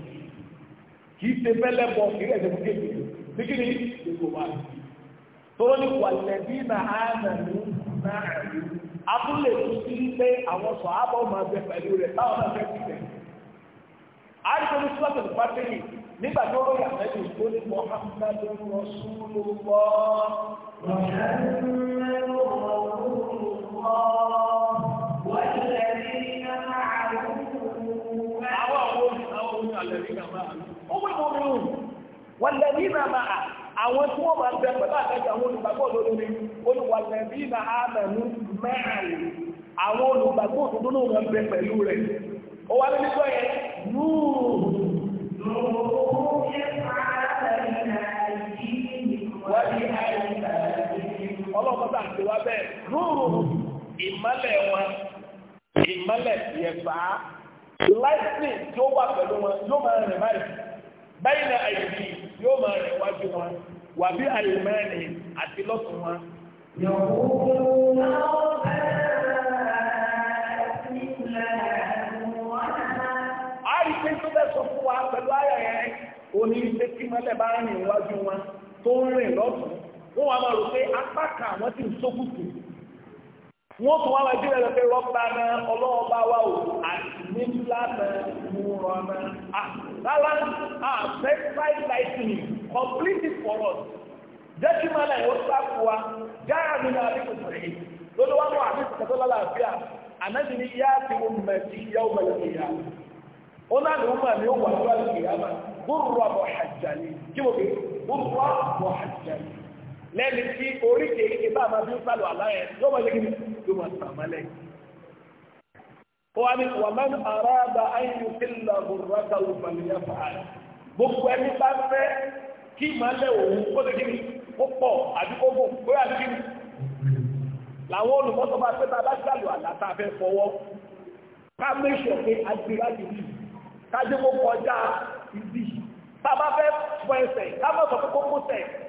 kì í ṣe bẹ́lẹ̀ bọ̀ kí ẹ̀jẹ̀ fún kékeré ní kí ni èkó bá lọ tọ́wọ́ ní wàlẹ́bí na ánàlú náà rí abúlé tó ti ń pé àwọn sọ ábọ̀ máa bẹ pẹ̀lú rẹ̀ táwọn náà fẹ́ ti tẹ̀. àìsàn ní sọ́ọ̀tì nípa tẹ́lẹ̀ nígbà tó ló yà tó ní Muhammadu Rasulullah. والذين معه àwọn tí wọ́n máa bẹ pẹ̀lú àtẹ́jọ àwọn olùgbàgbọ́ olórin olùwàlẹ̀bí na àmẹ̀mú mẹ́rin àwọn olùgbàgbọ́ òdodo náà wọ́n bẹ pẹ̀lú rẹ̀ ó wá lé nígbọ́ yẹn núùrù ọlọ́mọdé àti wa bẹ́ẹ̀ núùrù ìmọ́lẹ̀ wọn ìmọ́lẹ̀ yẹ̀fà lightning tí ó wà pẹ̀lú wọn yóò máa rìn báyìí báyìí na àyèdè yóò máa rìn wájú wọn wà bí àyèmẹ́rin àti lọ́sùn wọn. àárí tó bẹ́ sọ fún wa pẹ̀lú òní mọ́lẹ̀ bá rìn wájú wọn tó ń rìn lọ́sùn máa rò pé apá kan àwọn ti ń sókùtù wọ́n tún wá wá ìdílé lọ pé rọ́bà náà ọlọ́wọ́ bá wà ó àtìmí lánàá mú rọ́nà àtàlá àfẹ́fáì láìpìlì complete for us jẹ́kí máa náà yóò sá fún wa jára mi náà bí kò sọ̀rọ̀ yìí lórí wọn wà ní ìsìnkàtọ́ lálàáfíà ànájì ní yá ti wọ́n mẹ́tì yá ó mẹ́lẹ̀ ní yá ó náà ní wọ́n mi ó wà lọ́wọ́ àti ìyá máa àbọ̀ àjàlè kí wọ́n gbé gbúrú àbọ̀ àjàlè lẹ́ni tí oríkèéríkèé bá máa bí ó sálọ àláyẹ yóò máa lékiri yóò máa sàmálẹ̀. wọ́n á ní wàmán àràbà ayélu ìlà bùrọ̀dà òbàlùyà fàáyà gbogbo ẹni bá fẹ́ kí ìmọ̀lẹ̀ òun kó lékiri ó pọ̀ àbí ó gùn bóyá lékiri làwọn olùmọ́tò bá pẹ́ bá bá sálọ àlá tá a fẹ́ fọwọ́ ká mẹ́sọ̀ pé agbèrè kájọ́ kó ká má sọ pé kókó tẹ̀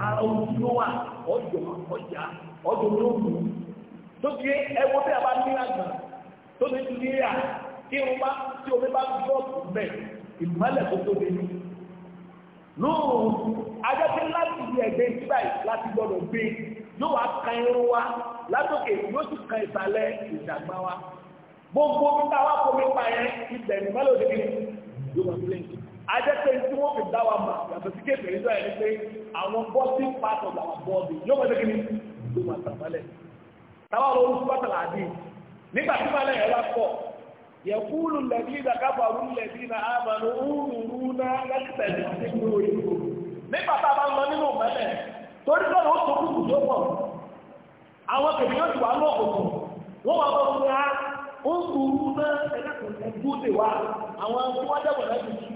ara ojú ló wà ọjọ́ ọjà ọjọ́ ló wù ú tó ti ẹwọ bí a bá ní àgbọn tó ti tún ní à kí wọn bá tí omi bá dọ́ọ̀tù mẹ́ ìmọ̀lẹ̀ tó tóbi ní. lóòrùn ajọ́pẹ́ láti di ẹ̀gbẹ́ ìtura yìí láti gbọ́dọ̀ gbé yóò wá ka irun wa látòkè yóò sì ka ìsàlẹ̀ ìjàgbá wa gbogbo nípa wa kò ní pa yẹn ibẹ̀ ìmọ̀lẹ̀ òdìdí yóò wá sílẹ̀ ajẹ́pẹ́ tí wọ́n fi dá wa mà yàtọ̀ sí kéèké nígbà yẹn pé àwọn bọ́ọ̀dì pàtó làwọn bọ́ọ̀dì yóò wọlé kíni ló máa tàbálẹ̀. táwa lọ rúkú bàtàlà àdì nígbà tí wọ́n lẹ́yìn wá pọ̀ yẹ̀kúlù lẹ́bí ìdàkàbà rú lẹ́bí ìnà àmàlù rúrú ná lẹ́kítẹ̀lì sí kúrò ìlú. nígbà tá a bá ń lọ nínú mẹ́lẹ̀ torí náà ó tókù kù tó pọ̀ àwọn kèmí yóò ti wà ní òkùnkùn wọ́n wà lọ́wọ́ ní á ó rúrú ná ẹ̀kú ẹ̀kú lè wá àwọn tí wọ́n dẹ̀wọ̀ lẹ́yìn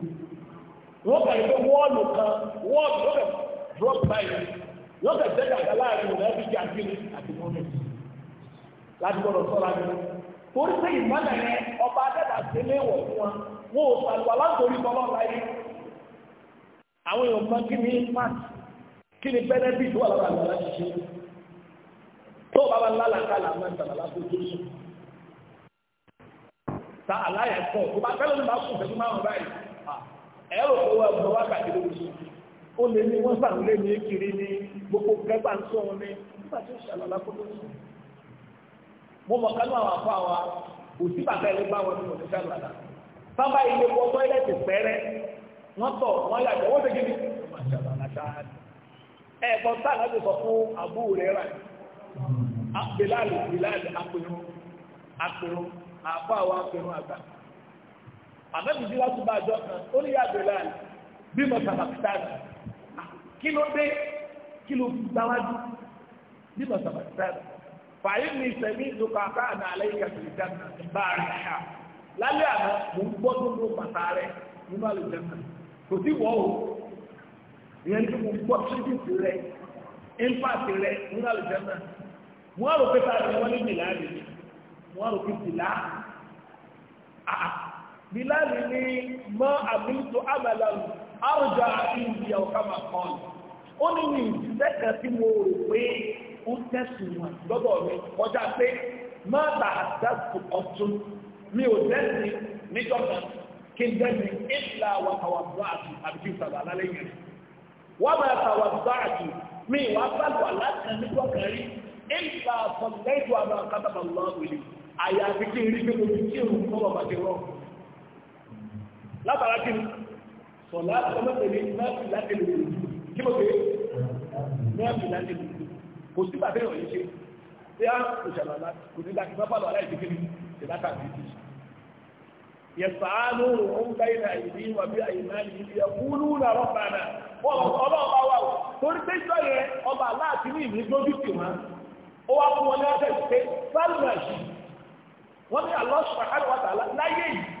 wọ́n kà yí pé wọ́ọ̀lù kan wọ́ọ̀lù yóò kà drop báyìí yóò kà jẹ́ gàgà láàrin òun ẹbí jà kiri àti mọ́mí láti gbọ́dọ̀ sọ́ra ní. torí pé ìmọ̀lẹ̀ yẹn ọba adẹ́dà sí ilé ìwọ̀ fún wa wọn ò sàlùwà látòrí tọ́lọ́ láyé. àwọn èèyàn máa kí ni impact kí ni benefit wà lára àgbàlá ṣiṣẹ́ tó bàbá ńlá làkàlà máa ń tàbàlá tó tó sùn ta àlàyé pọ̀ tó bá fẹ́lẹ́ ní bá kù fẹ́ ẹ̀rọ tó wà lọ wákàtí lórí sùn ó lè ní wọ́n sàn lé ní kiri ní gbogbo gẹ́gbà ń sọ̀rọ̀ ní nígbà tí ó ṣàlọ́lá kó sùn. mo mọ̀ kánú àwọn afọ àwa kò sí bàbá ẹni bá wọn ní sábà ilé pẹ́rẹ́ wọ́n tọ̀ wọ́n yàgbẹ́ wọ́n sọ fún àbúrò rà bíláàlì bíláàlì àpèrún àmọ́bí bí wọ́n tún bá àjọ kan ó ní yá àgbèlà bí mo sàbàkítà rẹ̀ ah, kí ló dé kí ló fi gbáwájú bí mo sàbàkítà rẹ̀ fàyè mi sẹ́mi ìdókò àká àná alẹ́ yìí kàtó ìjà bá a rẹ̀ ṣá lálẹ́ àná mò ń gbọ́ tó ń lo bàtà rẹ̀ nínú àlùjẹ́ kan kò sí wọ́ o ìyẹn tí mo gbọ́ tíríbìtì rẹ̀ ìmpáàtì rẹ̀ nínú àlùjẹ́ kan mo á rò pé ta ni wọ́n ní Bilal ní mọ́ àmìlítò àmàlàlù àrùjọ ìyà ọ̀kàmà kan. Ó ní ní ìsẹ́kà tí mo rò pé ó tẹ̀sùn wọn lọ́dọ̀ mi kọjá pé máa ta àdásù ọ̀tún mi ò dẹ́sì níjọba kí n dẹ́sì ìlà wàtàwàtà àti àbíkí ìsàlà alálẹ́ yẹn. Wọ́n máa tàwàtà àti mi wàá bá lọ aláṣẹ níjọba rí ìlà sọ̀lẹ́jọ́ látara kí ni sọ̀lá ọmọdébí mẹ́fì láti lè lòdì kí mo pè é mẹ́fì láti lè lòdì kò sí bàbá ìròyìn ṣe bí a kò ṣàlàlá kò ní dákì bábà lọ aláìsí kí ni ìdáka àti ìdí yẹ̀sà ánú òun bá ìrìn àìdí wà bí àyìnbá ní ibi ẹ̀kúlú náà rọ́pàá náà wọ́n ọlọ́ọ̀bá wà ó torí pé sọ́yẹ ọba láti ní ìlú lójú tì wọ́n ó wá fún wọn ní ọjọ́ ìpè sálùmọ̀ yìí wọ́n ní àlọ́ sùpàkárì láyé yìí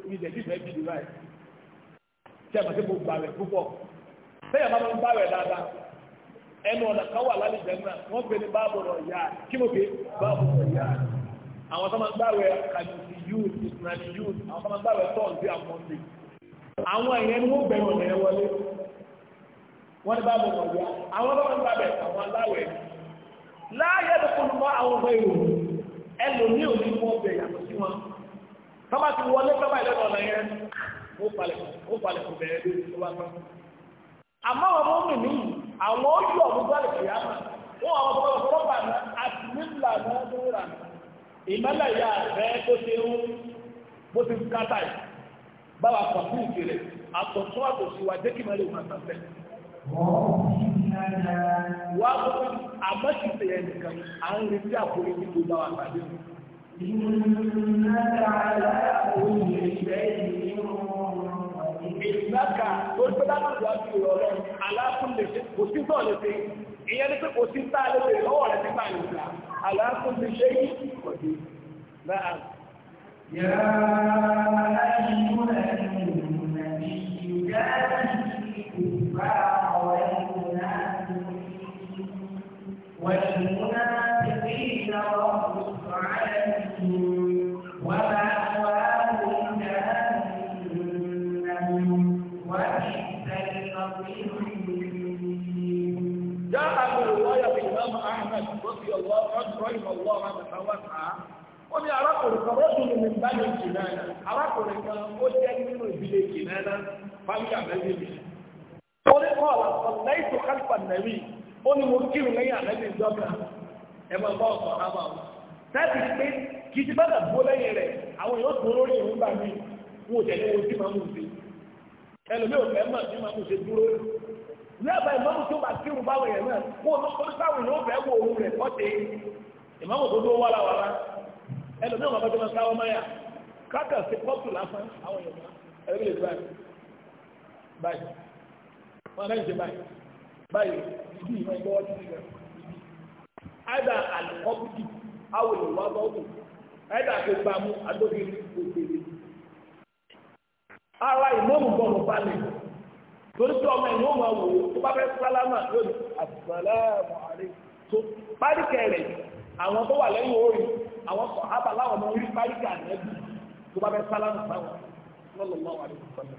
mi lẹ̀ bí bẹ́ẹ̀ bí ìlú báyìí tí a máa rẹ̀ púpọ̀ sẹ́yìn máa ń bá rẹ̀ dáadáa ẹnu ọ̀nà kan wà lálẹ́ ìjẹ́nà wọ́n gbé ní báàbò rọ̀ yá kí ló dé báàbò rọ̀ yá àwọn tó máa ń gbàwẹ̀ kàdùsì youth ìsìnàní youth àwọn tó máa ń gbàwẹ̀ tọ́ọ̀dì àmọ́ndì àwọn èèyàn ni wọ́n ọ̀nà yẹn wọlé wọ́n ní báàbò rọ̀ yá àwọn tó máa ń gbàwẹ̀ àwọn aláwẹ̀ láàyè ló kún àwọn ọmọ èrò ẹlòmíì ò ní mọ́ ọbẹ̀ yàtọ̀ sí wọn tọ́ba ti wọlé tọ́ba ìlẹ́nu ọ̀nà yẹn ó falẹ̀ ó falẹ̀ kò bẹ̀rẹ̀ lórí tó bá tán. àmọ́ àwọn ọmọ mi àwọn ojú ọ̀dún bá lè fi yá mà wọ́n àwọn ọmọ ọmọ rọ́bà náà àti nílà náà tó rà ìmọ̀lẹ̀ yà bẹ́ tó ṣe ń bó ti ń kátà yìí báwa kàn fún ìfèrè àtọ̀tún àtọ̀sí wa jẹ́ kí mẹ́lẹ̀ òun àtàfẹ́. wọ́n á àmọ́ sì ṣe ẹnìkan à ń retí àforíjì tó bá wa tàbí إنك على كل شيء ìgbàkà tó ń pẹ́lá náà lọ́wọ́ sí ìrọ̀lọ́ aláàkúnlẹ̀ kò sí tọ́ lè fi ìyẹn ní pé kò sí tá lè fi lọ́wọ́ rẹ̀ nígbà ìgbà aláàkúnlẹ̀ ṣe yí kọ̀dé náà. Yàrá ayélujára ni ìgbàlá جاء بالرواية الإمام أحمد رضي الله عنه رحمه الله عنه وسعى ó ní arákùnrin kan wọ́n tún ní báyìí jìnnà arákùnrin kan ó jẹ́ nínú ìdílé jìnnà fáwọn àmẹ́lẹ́ mi. ó ní kọ́ ọ̀la ọ̀la ètò kálífà nàbí ó ní mo kírun lẹ́yìn àmẹ́lẹ́ ìjọba ẹ máa bá ọ̀sán àbá wọn. láti pé kìí ti bá dà bó lẹ́yìn rẹ̀ àwọn èèyàn tó lórí ìrún bá mi wọn ò tẹ̀lé ojú máa ń wù sí ẹlòmí ò fẹ́ mọ̀ ní màmú ṣe dúró lẹ́bàá ìmọ̀mù tó bá kírun báwọn yẹn náà kó o tó sáwọn yóò fẹ́ wo òun rẹ̀ kọ́tẹ́ ìmọ̀mù tó dúró wàlà wàlà ẹlòmí ò máa bọ́jọ́ máa sáwọ́ máyà káàkà sí kọ́tù lásán àwọn yẹn náà ẹlòmí lè báyìí báyìí wọn náà ń ṣe báyìí báyìí ìdí ìmọ̀ ìgbọ́wọ́ ti ṣe àìdá àlùkọ́bùdì awòlè wà bọ́ọ̀bù ara ìmọ̀mù gbọ́dọ̀ balẹ̀ torí pé ọmọ ìlú ọmọ wò ó tó bá fẹ́ sálámà lónìí àbùsàlámù àrè tó páríkẹ̀ rẹ̀ àwọn tó wà lẹ́yìn orin àwọn sọ̀hábà láwọn ọmọ orí páríkẹ̀ ànẹ́bí tó bá fẹ́ sálámù sáwọn lọ́lọ́lọ́ wà lẹ́yìn sọ́lá.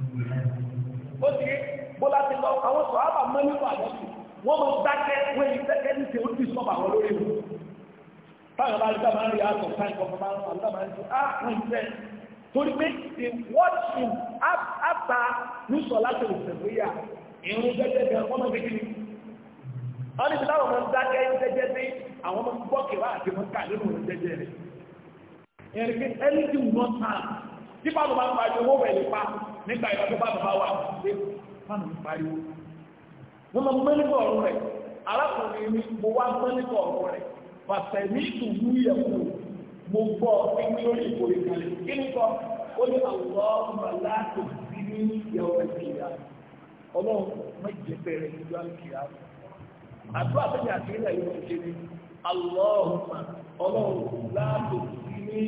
ó ti bọ́lá ti lọ àwọn sọ̀hábà mọ́ nípa ànẹ́bí wọ́n mọ dákẹ́ wọ́n yìí ní ti ó ti sọ́ọ̀bà lórí ìlú. táwọn bá rí torí pé the watching after lùsọ̀ láti ìṣẹ̀lúyà ìrún jẹ́jẹ́ gan ọmọ bí kí wọ́n ní ìdáwọ̀ máa ń dákẹ́ jẹ́jẹ́ sí àwọn ọmọ gbọ́kẹ̀wá àti wọn kà nínú òun jẹ́jẹ́ rẹ̀ ìrìn pé anything not harm tí báwo bá ń parí owó wẹ̀lẹ̀ pa nígbà ìgbà tó bá bàbá wà pé fáànù ń pariwo wọ́n máa mẹ́lẹ́kọ̀ ọ̀rọ̀ rẹ̀ arákùnrin mi mo wá mẹ́lẹ́kọ̀ ọ̀rọ̀ rẹ̀ fàṣẹ̀ ní ìtùwú yẹ̀ kúrò mo gbọ́ pípé lórí ìkórè kalẹ̀ kí ni sọ ó ní àwùjọ màlá tó ti ní ìyàwó ẹ̀sìn ìyá ọlọ́run méje bẹ̀rẹ̀ nígbà kìá àdúrà tó yà sí ilẹ̀ yóò ṣe ni àlọ́ọ̀hùnmá ọlọ́run láàbò sí ní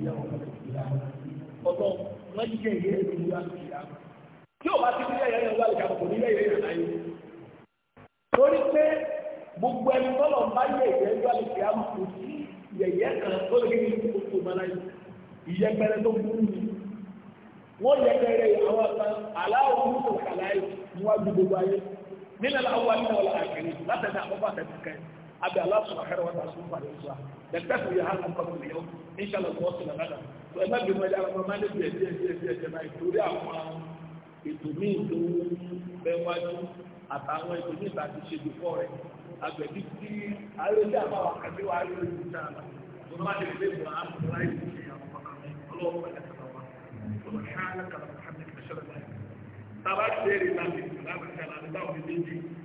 ìyàwó ẹ̀sìn ìyá ọlọ́run méje yẹ nígbà kìá tí o bá ti ní ẹ̀yẹ́ yẹn wá kàkọ́ ní ẹ̀yẹ́ yẹn láyé torí yẹ̀yẹ́ kan tó lè kí ní oṣù mọ́láyé ìyẹpẹrẹ tó burú ni wọ́n yẹpẹrẹ àwọn kan aláwọ̀ ní oṣù kàláyé níwájú gbogbo ayé nílẹ̀ láwọn ní ọ̀la àkèrè látẹ̀lé àkọ́kọ́ àtẹ̀kẹ́ abẹ́ aláṣọ àkẹrẹ wọn tàṣù pàdé ìṣúra dẹ̀kẹ́sì yẹ hàn kọ́ mi yọ inṣàlọ̀ wọ́n sì lọ lọ́dà tó ẹgbẹ́ bí mo yára máa ní bíẹ̀ bíẹ̀ bíẹ̀ bíẹ̀ bíẹ̀ náà ìtòrí àwọn ètò míì tó bẹ́wájú àtàwọn ètò míì tàbí ṣe dùkọ́ rẹ̀ agbẹ̀bí tí ayọ́dé àbáwá kàdé wa ayọ́ ìlú náà lọ bá lè lè wà á mú láì sí ìyá ọmọ kan ọlọ́wọ́ wọlé kàdà wá ọlọ́wọ́ ṣáà kàdà mọ̀ hàmì kàṣẹ́